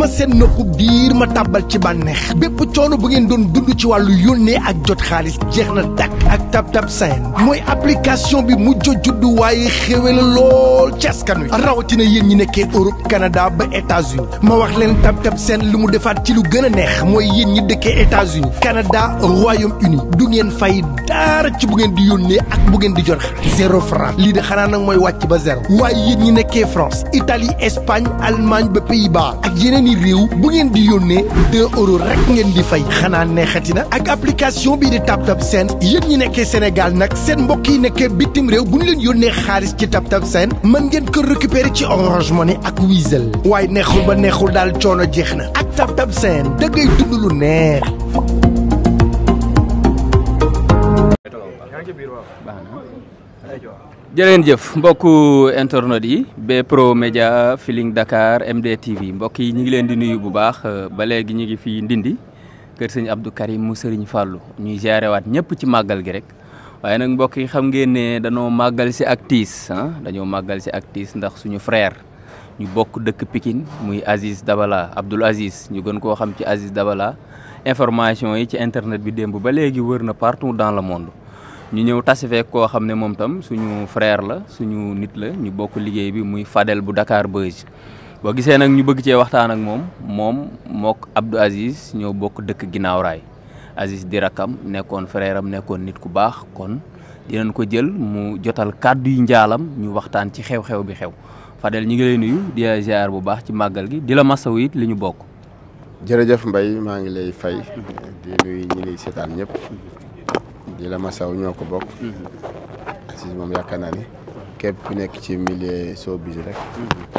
ma seen noppu biir ma tàbbal ci bànneex bépp coono bu ngeen doon dund ci wàllu yónnee ak jot xaalis jeex na dàkk ak Tab Tab Send mooy application bi mu mujj juddu waaye xéwé la lool ci askan wi rawatina yéen ñi nekkee Europe Canada ba États-Unis ma wax leen Tab Tab Send lu mu defaat ci lu gën a neex mooy yéen ñi dëkkee États-Unis Canada Royaume-Uni du ngeen fay dara ci bu ngeen di yónnee ak bu ngeen di jot xaalis zéro franc lii de xanaa nag mooy wàcc ba zéro waaye yéen ñi nekkee France Italie Espagne Allemagne ba Pays-Bas ak yeneen seeni réew bu ngeen di yónnee deux euros rek ngeen di fay xanaa neexati na ak application bii di TapTap Send yéen ñi nekkee Sénégal nag seen mbokk yi nekkee bitim réew bu ñu leen yónnee xaalis ci TapTap Send man ngeen kër récupérer ci Orange ni ak Wizall waaye neexul ba neexul daal coono jeex na ak TapTap Send da ngay dund lu neex. jëf mbokku internet yi Bprod Media Feeling Dakar MDTV mbokk yi ñu ngi leen di nuyu bu baax euh, ba léegi ñu ngi fii Ndindi kër sëñ Abdou Karim mu sëriñ Fallou ñuy waat ñëpp ci màggal gi rek waaye nag mbokk yi xam ngeen ne dañoo màggal si ak tiis ah, dañoo màggal si ak ndax suñu frère ñu bokk dëkk Pikine muy Aziz Dabala Abdoul Aziz ñu gën koo xam ci Aziz Dabala information yi ci internet bi démb ba léegi wër na partout dans le monde. ñu ñëw tasi feek koo xam ne moom tam suñu frère la suñu nit la ñu bokk liggéey bi muy Fadel bu Dakar Buzz boo gisee nag ñu bëgg cee waxtaan ak moom moom mook Abdou Aziz ñoo bokk dëkk ginnaaw raay Aziz di rakkam nekkoon frère am nekkoon nit ku baax kon dinañ ko jël mu jotal kàddu yu njaalam ñu waxtaan ci xew-xew bi xew Fadel ñu ngi lay nuyu di la bu baax ci màggal gi di la masawu it li ñu bokk. jërëjëf Mbaye maa ngi lay fay di nuyu ñi seetaan ñëpp. di la masaw ñoo ko bokk mhm. Aziz moom yaakaar naa ni képp ku nekk ci milieu showbiz rek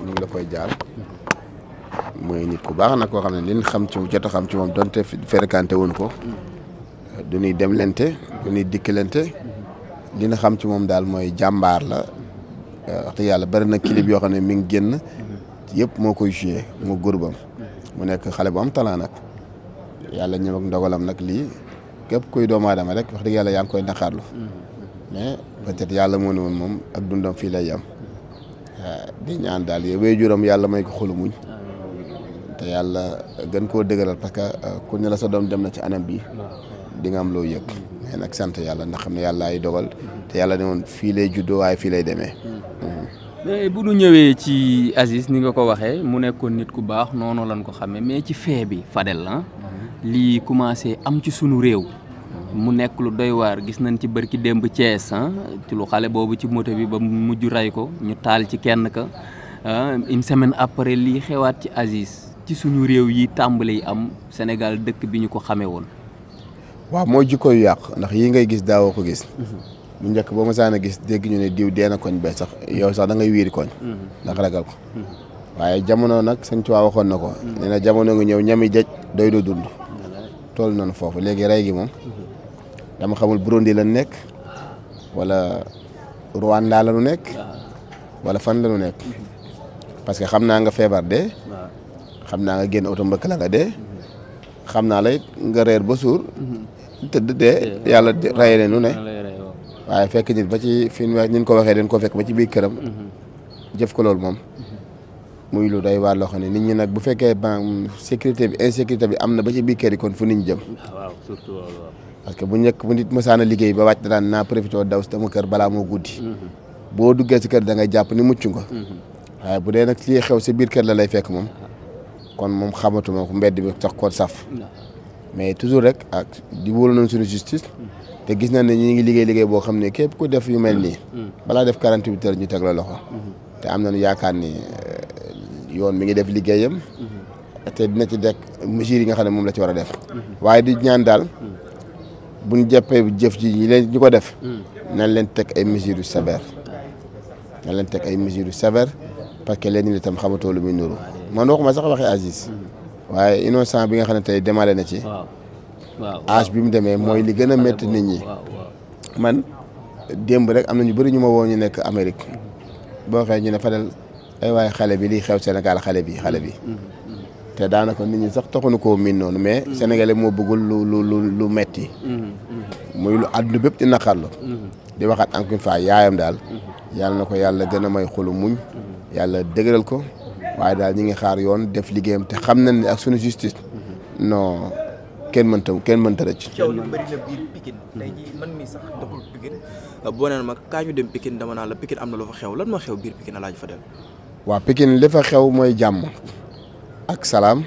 ñu ngi la koy jaal mhm. mooy nit ku baax nag koo xam ne liñ xam ci jot xam ci moom donte fréquenté woon ko mhm. du ñuy demlante du ñuy dikkalante li xam ci moom daal mooy jàmbaar la euh, wax yàlla bari na clip yoo xam ne mi ngi génn yëpp moo koy joué mu gurbam mu nekk xale bu am talent yàlla ñëw ndogalam nag lii képp kuy doomu aadama rek wax dëgg yàlla yaa ngi koy naqaarlu mm-hmm. mm-hmm. mais peut-être yàlla moo ne woon moom ak dundam fii lay yam ah, di ñaan daal yow wéy juróom yàlla may ko xolu muñ te yàlla gën koo dëgëral parce que euh, ku ne la sa doom dem na ci anam bi dinga am loo yëg mm-hmm. mais nag sant yàlla ndaxam ne yàlla ay dogal te yàlla ne woon fii lay juddoo waaye fii lay demee mais bu ñu ñëwee ci Aziz ni nga ko waxee mu nekkoon nit ku baax noonu lañ ko xamee mais ci fee bi Fadel la ah, lii commencé am ci sunu réew mu nekk lu doy waar gis nañ ci bërki démb Thiès ah, ci lu xale boobu ci moto bi ba mu mujj rey ko ñu taal ci kenn ka ah, une semaine après lii xewaat ci Aziz ci suñu réew yi tàmbali am Sénégal dëkk bi ñu ko xamee woon. waaw mooy jikko yu yàq ndax yi ngay gis daawoo ko gis. bu njëkk ba mosaan a gis dégg ñu ne diw dee na koñ bee sax yow sax da ngay wiiri koñ. ndax ragal ko. waaye jamono nag sëñ waa waxoon na ko. nee na jamono nga ñëw ñami jëj doy do dund. toll foofu léegi rey dama xamul Burundi la nekk walla Rwanda la nu nekk wala fan la nu nekk parce que xam naa nga feebar de xam naa nga génn oto mbëkk la de xam naa lay nga reer ba suur tëdd de yàlla raye ne nu ne waaye fekk nit ba ci fi ñu ko waxee den ko fekk ba ci biir këram jëf ko loolu moom muy lu day waar loo ne nit ñi nag bu fekkee ban sécurité bi insécurité bi am na ba ci biir kër yi kon fu nit jëm parce que bu njëkk bu nit mësaana liggéey ba wàcc daan naa profité daw sama kër balaa moo guddi. Mhm. boo duggee si kër dangay jàpp ni mucc nga. Mhm. waaye bu dee nag lii xew si biir kër la lay fekk moom. kon moom xamatuma ko mbedd bi tax koo saf. Mhm. mais toujours rek ak di wóolu nañ suñu justice. te gis nañ ne ñu ngi liggéey liggéey boo xam ne képp ku def yu mel nii. balaa def 48 heures ñu teg la loxo. te am na nañu yaakaar ni euh, yoon mi ngi def liggéeyam. te dina ci dekk mesures yi nga xam ne moom la ci war a def. waaye di ñaan daal. bu buñ jàppee jëf ji ñi leen ñu ko def hmm. nan leen teg ay mesures yu sévères leen teg ay mesures yu sévères parce que leen ñi itam xamatoo lu muy nuru man waxuma sax waxee Aziz hmm. waaye innocent bi nga xam ne tey démarré na ci âge bi mu demee mooy li gën a metti nit ñi man démb rek am na ñu bëri ñu ma woo ñu nekk Amérique hmm. boo xee ñu ne Fadel ay waaye xale bi liy xew senegal xale bi xale bi te daanaka nit ñi sax taxuñu koo miin noonu mais mm-hmm. sénégalais moo bëggul lu lu lu metti mm-hmm. muy lu àdduna bépp di naqarlu mm-hmm. di waxaat encore une fois yaayam daal yàlla na ko yàlla gën a may xolu muñ yàlla dëgëral ko waaye daal ñi ngi xaar yoon def liggéeyam te xam na ni ak suñu justice non kenn mënta kenn mënta rëcc. coow li bëri na biir Pikine boo nee ma kaa ñu dem dama naa la Pikine am na lu fa xew lan moo xew biir Pikine fa dem. waaw Pikine li fa xew mooy jàmm. ak salaam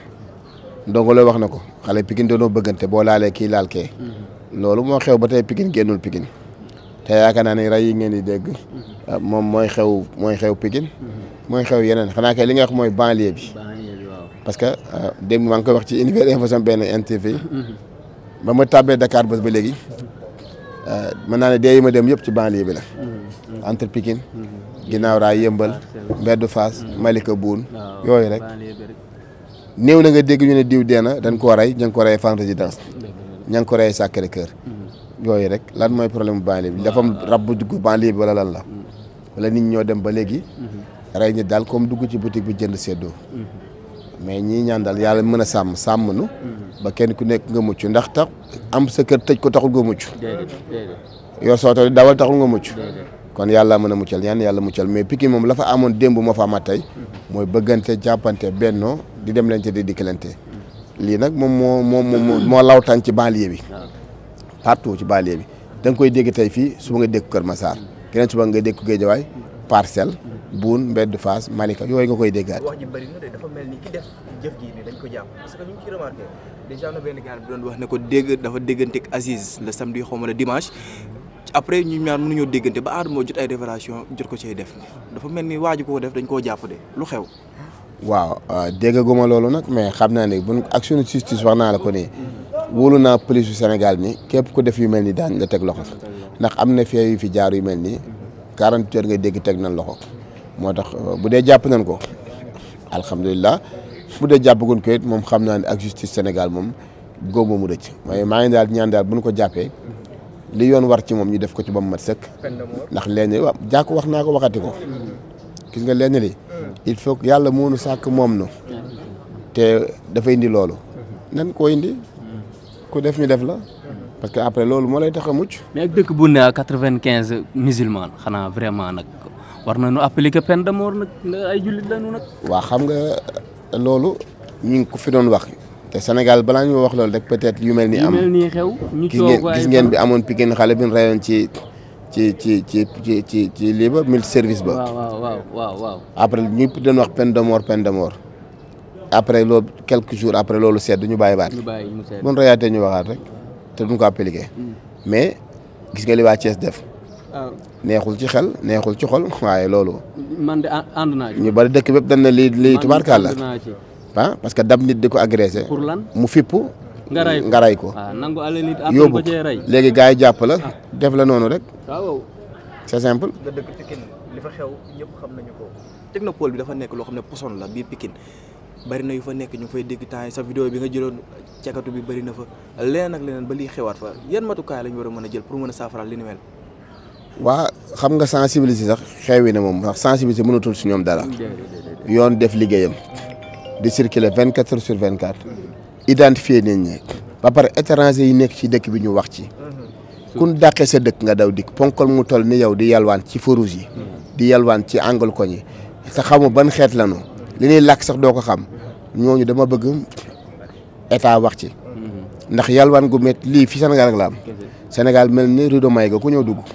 ndongo looy wax na ko xale Pikine doonoo bëggante boo laalee kii laal kee mhm. loolu moo xew ba te pikin génnul pikin te yaakaar naa ne rey yi ngeen di dégg mhm. ah, moom mooy xew mooy xew Pikine mhm. mooy xew yeneen xanaa kay li nga wax mooy banlieue bi parce que ah, démb maa ngi koy wax ci univers benn NTV ba ma tàbbee Dakar bés ba léegi ah, mën naa ne dee yi ma dem yëpp ci banlieue bi la entre Pikine ginnaaw raay yëmbal mbeddu fas Malika Boune yooyu rek néew na nga dégg ñu ne diw dee na dañ ko rey ña ngi ko rey Fann Résidence ña ngi ko rey Sacré-Cœur yooyu rek lan mooy problème bu banlieue bi dafa rab bu dugg banlieue bi wala lan la wala nit ñoo dem ba léegi mm-hmm. rey ñi daal comme dugg ci boutique bu jënd seddoo mm-hmm. mais ñii ñaan daal yàlla mën a sàmm sàmm nu mm-hmm. ba kenn ku nekk nga mucc ndax tax am sa kër tëj ko taxul nga mucc yor soo tax dawal taxul nga mucc kon yàlla mën a muccal ñaan yàlla muccal mais Pikine moom la fa amoon démb moo fa a tey mooy bëggante jàppante bennoo di dem lante di dikkalante lii nag moom moo moo moo lawtaan ci banlieue bi ah. partout ci banlieue bi da koy dégg tey fii suba nga dégg Kër Massar keneen suba nga dégg Géejawaay Parcelles Boune Mbedd Fass Malika yooyu nga koy déggaat. wax ji def ko doon wax ne ko dégg dafa déggante ak Aziz le samedi xaw ma le dimanche. après ñu ñaar mënuñoo déggante ba aadama jot ay révélation jot ko cay def dafa mel ni waaju ko def dañ koo jàpp de lu xew. waaw euh, déggaguma loolu nag mais xam naa ni ne ak action justice wax naa la ko nii wóolu naa police yu Sénégal ni képp ku def yu mel ni daan la teg loxo ndax am na fee yu fi jaar yu mel nii quarante heures ngay dégg teg na loxo moo tax euh, bu dee jàpp nañ ko alhamdulilah bu dee jàppaguñ ko moom xam naa ne ak justice Sénégal moom góob mu rëcc waaye maa ngi daal ñaan daal bu ñu ko jàppee li yoon war ci moom ñu def ko ci ba mu mat sëkk ndax lenn waaw jàkk wax naa ko waxati ko gis nga lenn li il faut que yàlla moonu sàkk moom na te dafa indi loolu nan koo indi ku def ñu def la parce que après loolu moo lay tax a mucc mais ak bu ne quatre-vingt-quinze musulman xanaa vraiment nag war nañu appliquer peine de mort nag ay xam nga loolu ñu ngi ko fi doon wax te Sénégal balaa ñu wax loolu rek peut-être yu mel ni am yu gis ngeen bi amoon Pikine xale bi ñu reyoon ci ci ci ci ci ci ci lii ba mil service ba. waaw waaw waaw waaw. après ñëpp wax peine de mort pen de mort après loolu quelques jour après loolu sedd ñu bàyyi baat. ñu bàyyi mu sedd buñ reyaatee ñu waxaat rek te duñ ko appliqué. Mm. mais gis nga li waa Thiès def. Ah. neexul ci xel neexul ci xol waaye loolu. man de ah, ànd naa ñu bari dëkk bépp dañ ne lii lii tubaarkàlla. ah parce que dab nit di ko agressé. pour lan mu fippu. nga ray ko nga ah, yóbbu léegi gars yi jàpp la. def la noonu rek. waaw c'est simple. nga dëkk Pikine xew ñëpp xam nañu ko. technopole bi dafa nekk loo xam ne poson la biir Pikine bari na yu fa nekk ñu fay dégg temps sa vidéo bi nga jëloon cakatu bi bari na fa leneen ak leneen ba liy xewaat fa yan matukaay la ñu war a mën a jël pour mën a saafaraal li ni mel. waa xam nga sensibiliser sax xewi na moom ndax mënatul si ñoom dara. yoon def liggéeyam. di circuler vingt quatre heures sur vingt quatre. identifier nit ñi. ba pare étranger yi nekk ci dëkk bi ñu wax ci. Mhm. kun dàqe sa dëkk nga daw dikk ponkol mu toll ni yow di yalwaan ci furus yi di yalwaan ci angle koñ yi te xamu ban xeet lanu li ñuy làkk sax doo ko xam ñooñu dama bëgg état wax ci ndax yalwaan gu métti lii fi Sénégal rek la am Sénégal mel ni rido may ga ku ñëw dugg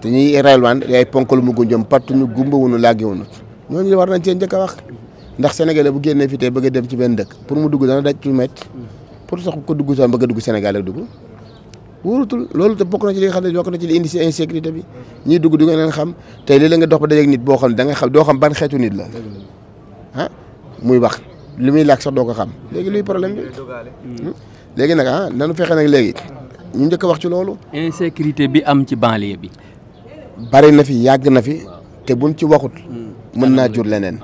te ñuy relwaan yaay ponkol mu gunjëm partout ñu gumba wunu làggi wunu ñooñu war nañ cee njëkk a wax ndax sénégalais bu génnee fi tey bëgg dem ci benn dëkk pour mu dugg dana daj ci métti pour sax ko dugg sax bëgg a dugg dugg wóorutul loolu te bokk na ci li nga xam ne bokk na ci li indi si insécurité bi ñiy dugg di nga leen xam te lii nga dox ba dajeeg nit boo xam ne da nga xam doo xam ban xeetu ah, wax li muy laaj sax doo ko xam léegi luy problème hmm? léegi nag ah nanu fexe nag léegi ñu njëkk a wax ci loolu insécurité bi am ci banlieue bi bari na fi yàgg na fi te buñ ci waxut hmm. mën naa jur leneen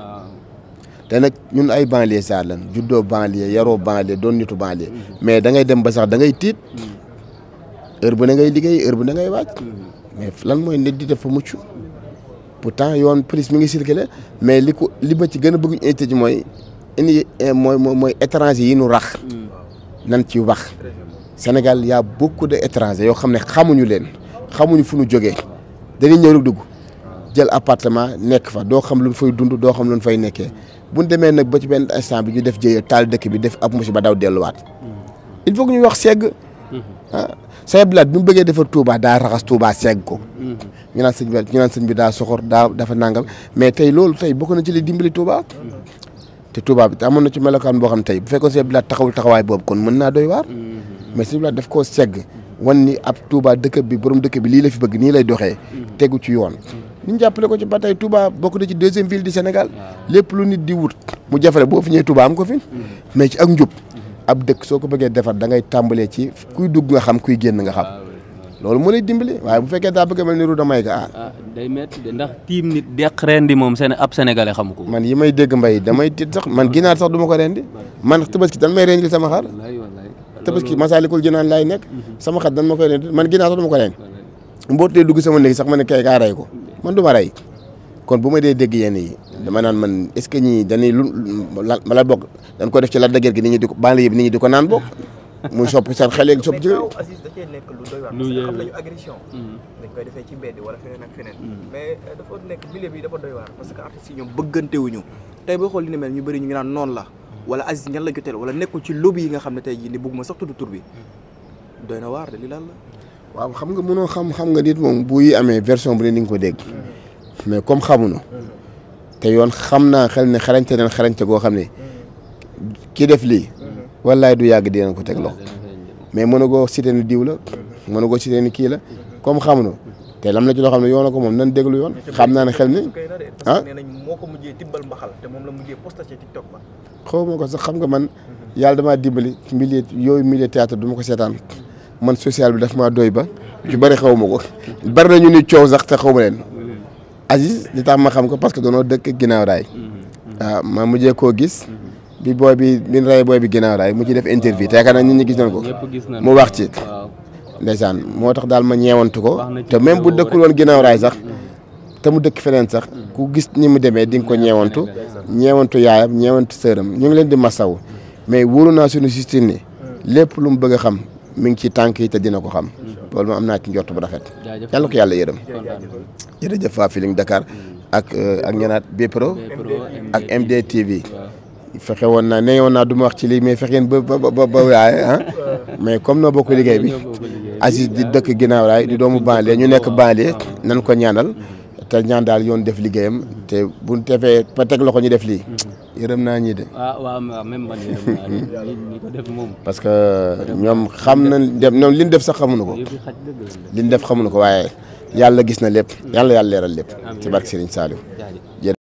te nag ñun ay banlieue saa lan juddoo banlieue yaroo banlieue doon nitu banlieue hmm. mais da ngay dem ba sax da ngay tiit heure bu ne ngay liggéey heure bu ne ngay waaj mais lan mooy nit di def fa mucc temps yoon police mi ngi circulé mais li ko li ma ci gën a bëgg ñu invité ci mooy indi eh, mooy mooy étranger yi nu rax nan ci wax Sénégal y a ko de étrangers yoo xam ne xamuñu leen xamuñu fu nu jógee dañuy ñëw rek dugg jël appartement nekk fa doo xam lu ñu fay dund doo xam lu fay nekkee bu ñu demee nag ba ci benn instant bi ñu def jëye taal dëkk bi def ab ba daw delluwaat il Sëñ Abdou mu bëggee defar Touba daa raxas Touba segg ko. Mhm. ñu naan sëñ bi ñu sëñ bi daa soxor daa dafa nangam mais tey lool tey bokk na ci li dimbali Touba. Mhm. te Touba bi te amoon na ci melokaan boo xam tey bu fekkoon Sëñ Abdou Lahad taxawul taxawaay boobu kon mën naa doy waar. Mhm. mais Sëñ Abdou def daf koo segg wan ni ab Touba dëkk bi borom dëkk bi lii la fi bëgg nii lay doxee. tegu ci yoon. ñu jàppale ko ci ba tey Touba bokk na ci deuxième ville du senegal lépp lu nit di wut mu jafale boo fi ñëwee am ko fi mais ci ak njub ab dëkk soo ko bëggee defar da ngay tàmbalee ci kuy dugg nga xam kuy génn nga xam ah, ah. loolu mu ne dimbali waaye bu fekkee daa bëgg a mel ni Rouda Maïga ah. ah day métti de ndax tiim moom seen ab sénégalais xamu ko. man yi may dégg mbay damay tiit sax man ginaar sax du ma ko rendi man tabaski dan may rendi sama xar tabaski masaalikul jinaan laay nekk mhm. sama xar dan ma koy rendi man ginaar sax du ma ko rendi mbootee dugg sama néeg sax ma ne kay kaa rey ko man du ma rey kon bu ma dee dégg yenn yi dama naan man est-ce que ñii dañuy lu la la bokk dañ ko def ci la dëgër gi nit ñu di ko banlieue bi nit di ko naan bokk muy sopp seen xel yeeg sopp ci lu doy waar parce que xam nañu mm-hmm. defee ci mbedd wala feneen ak feneen mm-hmm. euh, parce que artistes ñoom bëggantewuñu tey xool li ne mel ñu bëri ñu ngi naan noon la mm-hmm. wala Aziz ñan la joteel wala nekkul ci lobby yi nga xam ne tey jii ni bëgguma sax tudd tur bi doy na waar de li la waaw xam nga mënoo xam xam nga nit moom bu yi amee version bu ne ni nga ko dégg mais comme xamuñu te yoon xam naa xel ne xarañte neen xarañte goo xam ne kii def lii wallaay du yàgg di dinañ ko teg loxo mais mën na koo cité ni diw la mën na koo cité ni kii la comme xamuñu te lam na ci loo xam ne yoon na ko moom nan déglu yoon xam naa ne xel ni ah xaw ma ko sax xam nga man yàlla damaa dimbali milieu yooyu milieu théâtre du ko seetaan man social bi daf maa doy ba lu ci bëri xaw ma ko bari nañu ni coow sax te xaw ma leen Aziz li tax ma xam ko parce que doonoo dëkk ginnaaw raay waaw mm-hmm. ah, ma mujjee koo gis mm-hmm. bi booy bi bi ñu rey booy bi ginnaaw raay mu ji def interview te yaakaar naa nit ñi gis nañ ko mu wax ci ndeysaan moo tax daal ma ñeewantu ko te même bu dëkkul woon sax mm-hmm. te mu dëkk feneen sax ku gis ni mu demee di ko ñeewantu ñeewantu yaayam ñeewantu sëram ñu ngi leen di masaw mais wóoru naa sunu justice ni lépp lu mu bëgg xam mu ngi ci tànk yi te dina ko xam loolu moom am naa ci njort bu rafet yàlla ko yàlla yërëm jërëjëf waa Feeling Dakar ak euh, ak ñanaat Bpro ak MDTV fexe woon naa ne woon naa du ma wax ci lii mais fexeen ba ba ba waaye ah. mais comme noo bokk liggéey bi di dëkk ginnaaw raay di doomu banlieue ñu nekk banlieue nan ko ñaanal mm-hmm. te ñaan daal yoon def liggéeyam te bu ñu defee ba loxo ñu def lii mm-hmm. yërëm naa ñii de. Ah, waaw waaw même parce que ñoom xam na def ñoom li ñu def sax xamuñu ko. li def xamuñu ko waaye yàlla gis na lépp. Mm. yàlla yàlla leeral lépp. ci barke Serigne Saliou.